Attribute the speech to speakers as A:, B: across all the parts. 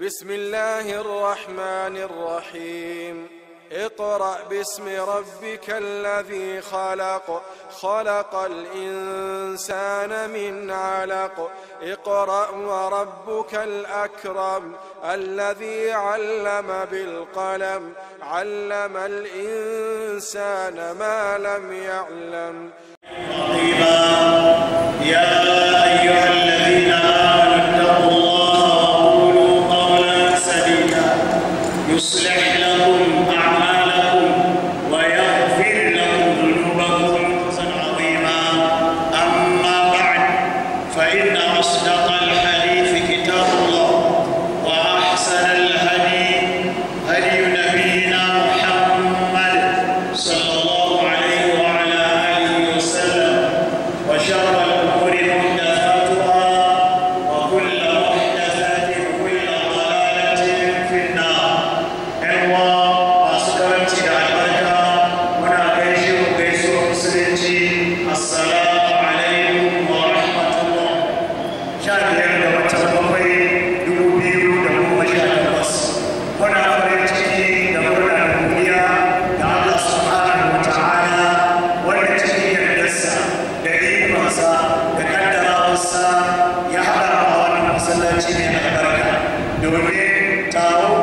A: بسم الله الرحمن الرحيم اقرأ باسم ربك الذي خلق خلق الإنسان من علق اقرأ وربك الأكرم الذي علم بالقلم علم الإنسان ما لم يعلم يا Domin taro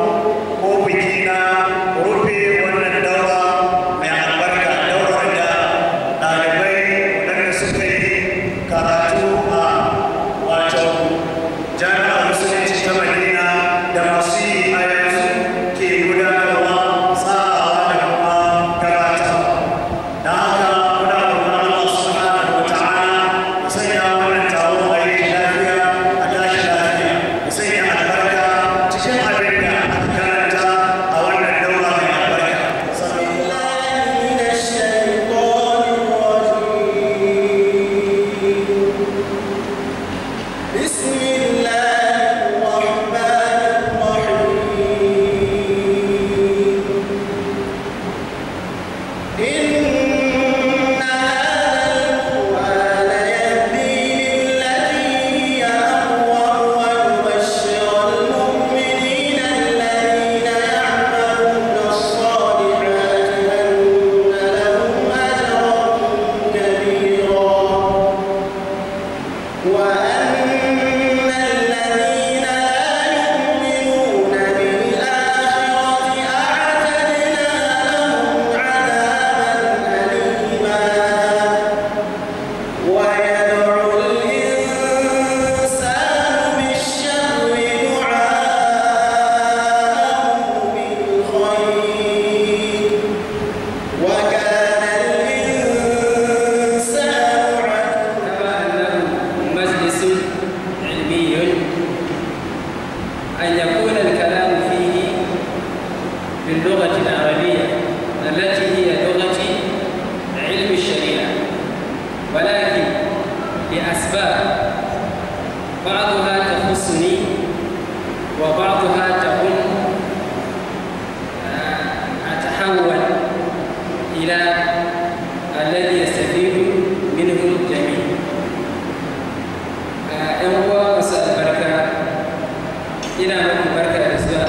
A: ina muku barka da zuwa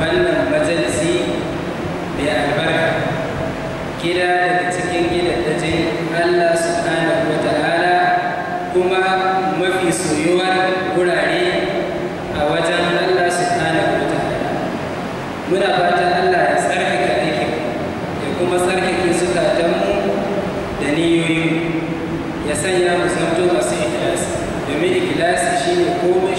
A: wannan majalisi mai albarka gida daga cikin gidan daji Allah subhanahu wa ta'ala kuma mafi soyuwar wurare a wajen Allah subhanahu wa ta'ala muna fatan Allah ya tsarkake aikin ya kuma tsarkake zukatanmu da niyoyi ya sanya mu zanto masu ikilasi domin ikilasi shine komai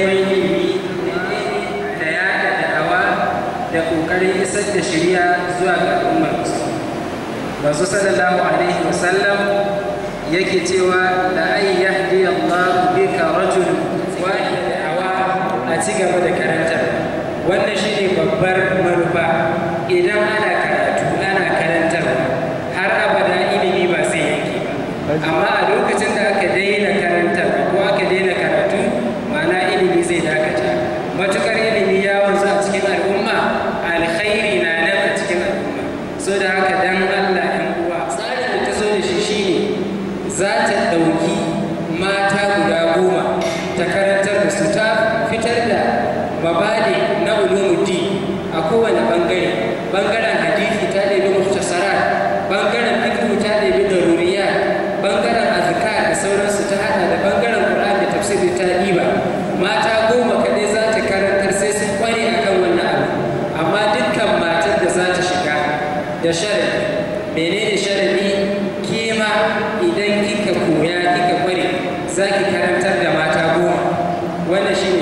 A: neman ilimi da yaɗa da'awa da ƙoƙarin isar da shirya zuwa ga al'ummar musulmi sallallahu alaihi wasallam yake cewa da ai yahdi Allah bika rajul wa da'awa a ci gaba da karanta wannan shine babbar manufa idan ana fitar da mabadi na ulumuddi a kowane bangare bangaren hadisi ta ɗebi muftasara bangaren fiqh ta ɗebi daruriya bangaren azkar da sauransu ta hada da bangaren ƙura da tafsiri ta ɗiba mata goma kaɗai za ta karantar sai sun kware akan wannan abu amma dukkan matar da za ta shiga da sharadi menene sharadi kima idan kika koya kika kware za ki karantar da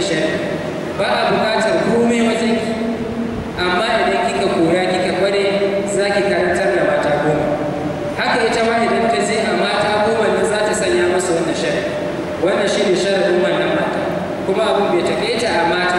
A: shari'a
B: ba a bukatar
A: komai wajen ki amma idan kika koya kika kware za ki karantar da mata goma haka ita ma idan ta je a mata goma ne za ta sanya masa wannan shan. wannan shi ne shari'in wannan mata kuma abin bai taƙaita a mata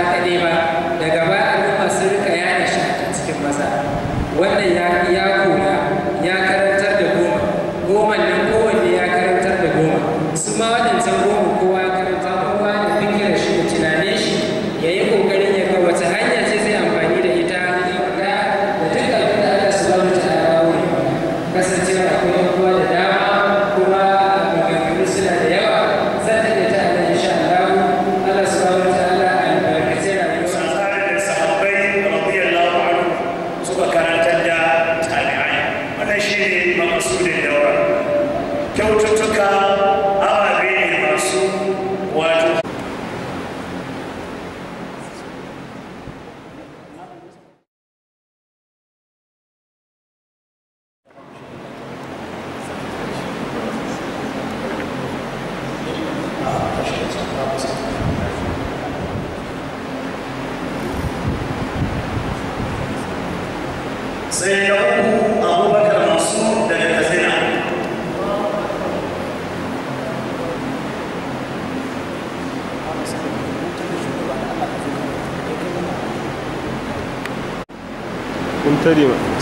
A: sani ba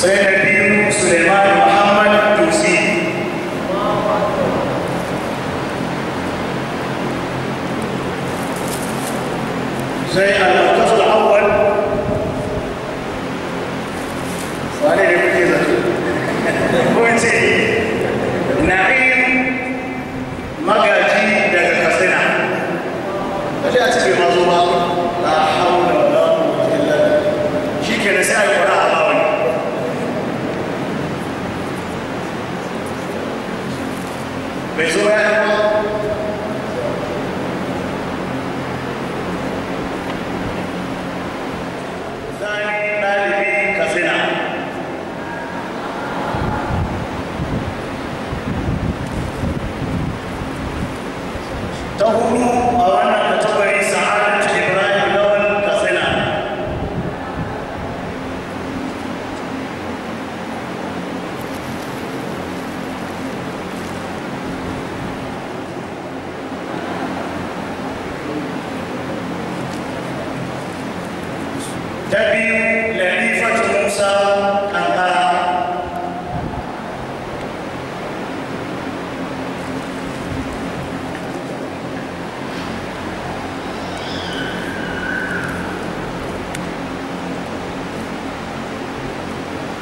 A: sai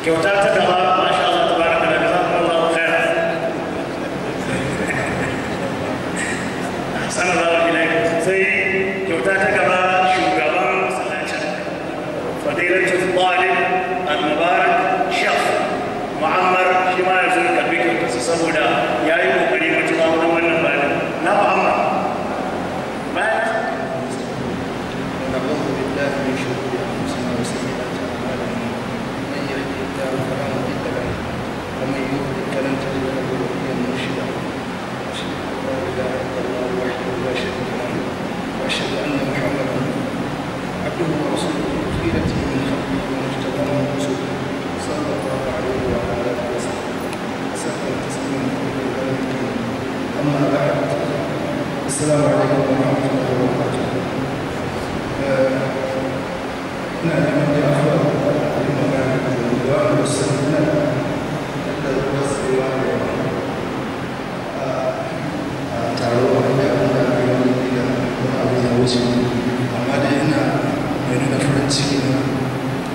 A: que mai nuna farin ciki na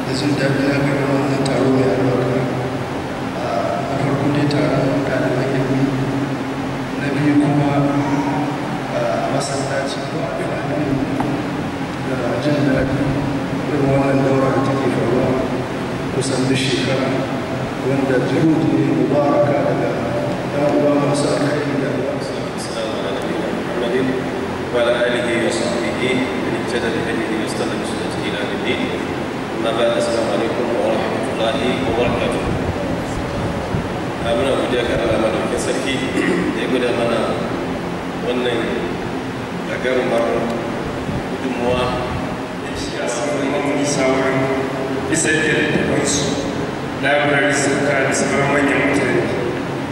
A: da jin daɗi na gaba wannan taro mai albarka ah, a farko dai taron ɗaliban ilimi na biyu kuma ah, a masallaci ko a ɗaliban da jin daɗi irin wannan daura da take faruwa kusan duk shekara wanda jiru ne godiya ga Allah madaukakin sarki da ya guda mana wannan gagarumar gudunmuwa da ya sauran sauran bisa da littafansu labarai ka da sauran manyan mutane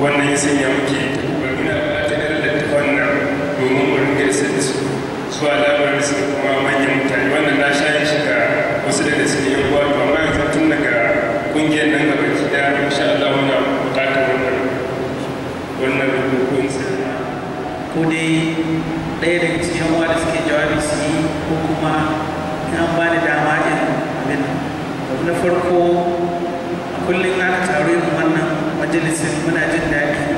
A: wannan ya sanya muke ba ta al'adar littafan nan domin mu ringa isa da su zuwa labarai suka kuma manyan mutane wannan na sha yin shiga wasu daga su cikin yan uwa ko dai ɗaya daga cikin wa da suke jawabi su yi ko kuma an ba bani dama in abin na farko kullum aka taru yin wannan majalisar muna jin daɗi